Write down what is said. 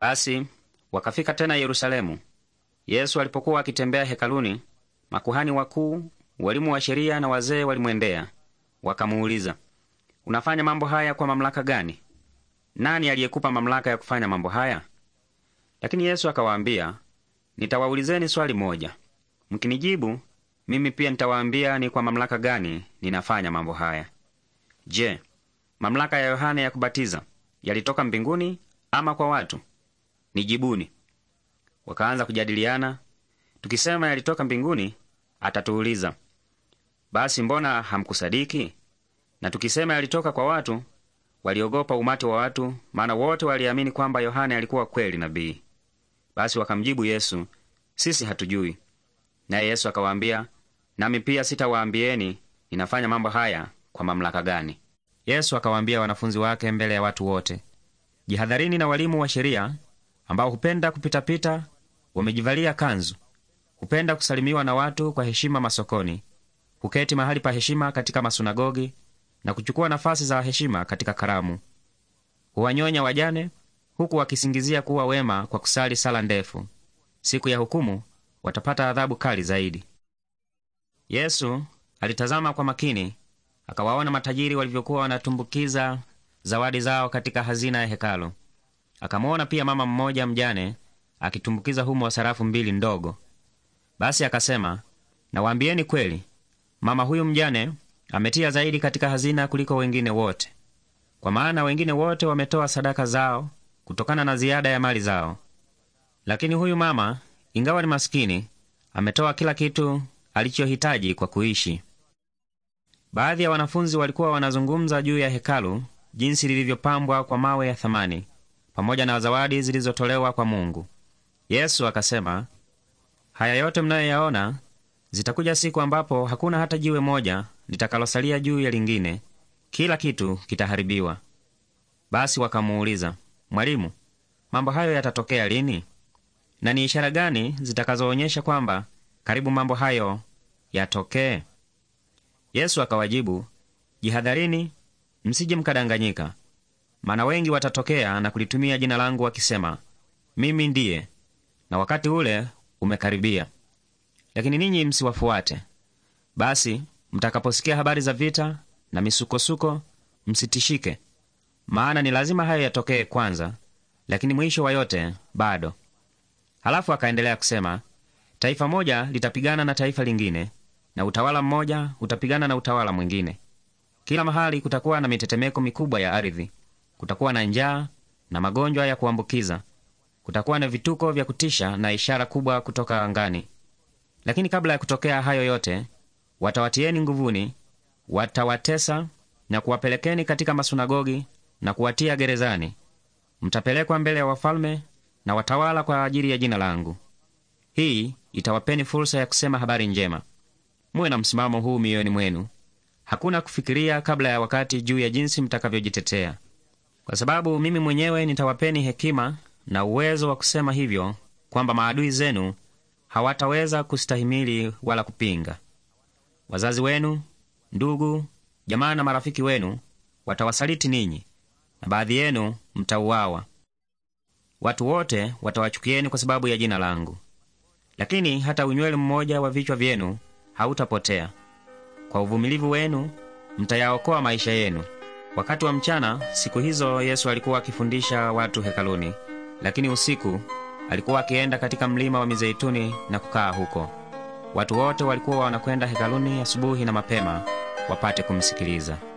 Basi wakafika tena Yerusalemu. Yesu alipokuwa akitembea hekaluni, makuhani wakuu, walimu wa sheria na wazee walimwendea, wakamuuliza, unafanya mambo haya kwa mamlaka gani? Nani aliyekupa mamlaka ya kufanya mambo haya? Lakini Yesu akawaambia, nitawaulizeni swali moja, mkinijibu mimi pia nitawaambia ni kwa mamlaka gani ninafanya mambo haya. Je, mamlaka ya Yohane ya kubatiza yalitoka mbinguni ama kwa watu? nijibuni. Wakaanza kujadiliana, tukisema yalitoka mbinguni atatuuliza, basi mbona hamkusadiki? Na tukisema yalitoka kwa watu, waliogopa umati wa watu, maana wote waliamini kwamba Yohane alikuwa kweli nabii. Basi wakamjibu Yesu, sisi hatujui. Naye Yesu akawaambia, nami pia sitawaambieni ninafanya mambo haya kwa mamlaka gani. Yesu akawaambia wanafunzi wake mbele ya watu wote, jihadharini na walimu wa sheria ambao hupenda kupitapita, wamejivalia kanzu, hupenda kusalimiwa na watu kwa heshima masokoni, huketi mahali pa heshima katika masunagogi na kuchukua nafasi za heshima katika karamu. Huwanyonya wajane huku wakisingizia kuwa wema kwa kusali sala ndefu. Siku ya hukumu watapata adhabu kali zaidi. Yesu alitazama kwa makini, akawaona matajiri walivyokuwa wanatumbukiza zawadi zao katika hazina ya hekalu. Akamwona pia mama mmoja mjane akitumbukiza humo sarafu mbili ndogo. Basi akasema, nawaambieni kweli, mama huyu mjane ametia zaidi katika hazina kuliko wengine wote, kwa maana wengine wote wametoa sadaka zao kutokana na ziada ya mali zao, lakini huyu mama, ingawa ni masikini, ametoa kila kitu alichohitaji kwa kuishi. Baadhi ya wanafunzi walikuwa wanazungumza juu ya hekalu, jinsi lilivyopambwa kwa mawe ya thamani pamoja na zawadi zilizotolewa kwa Mungu. Yesu akasema, haya yote mnayoyaona zitakuja siku ambapo hakuna hata jiwe moja litakalosalia juu ya lingine, kila kitu kitaharibiwa. Basi wakamuuliza, Mwalimu, mambo hayo yatatokea lini, na ni ishara gani zitakazoonyesha kwamba karibu mambo hayo yatokee? Yesu akawajibu, jihadharini, msije mkadanganyika, maana wengi watatokea na kulitumia jina langu wakisema, mimi ndiye, na wakati ule umekaribia. Lakini ninyi msiwafuate. Basi mtakaposikia habari za vita na misukosuko, msitishike, maana ni lazima hayo yatokee kwanza, lakini mwisho wa yote bado. Halafu akaendelea kusema, taifa moja litapigana na taifa lingine, na utawala mmoja utapigana na utawala mwingine. Kila mahali kutakuwa na mitetemeko mikubwa ya ardhi, Kutakuwa na njaa na magonjwa ya kuambukiza. Kutakuwa na vituko vya kutisha na ishara kubwa kutoka angani. Lakini kabla ya kutokea hayo yote, watawatieni nguvuni, watawatesa na kuwapelekeni katika masunagogi na kuwatia gerezani. Mtapelekwa mbele ya wafalme na watawala kwa ajili ya jina langu. Hii itawapeni fursa ya kusema habari njema. Muwe na msimamo huu mioyoni mwenu. Hakuna kufikiria kabla ya wakati juu ya jinsi mtakavyojitetea. Kwa sababu mimi mwenyewe nitawapeni hekima na uwezo wa kusema hivyo, kwamba maadui zenu hawataweza kustahimili wala kupinga. Wazazi wenu, ndugu, jamaa na marafiki wenu watawasaliti ninyi, na baadhi yenu mtauawa. Watu wote watawachukieni kwa sababu ya jina langu, lakini hata unywele mmoja wa vichwa vyenu hautapotea. Kwa uvumilivu wenu mtayaokoa maisha yenu. Wakati wa mchana siku hizo Yesu alikuwa akifundisha watu hekaluni, lakini usiku alikuwa akienda katika mlima wa Mizeituni na kukaa huko. Watu wote walikuwa wanakwenda hekaluni asubuhi na mapema wapate kumsikiliza.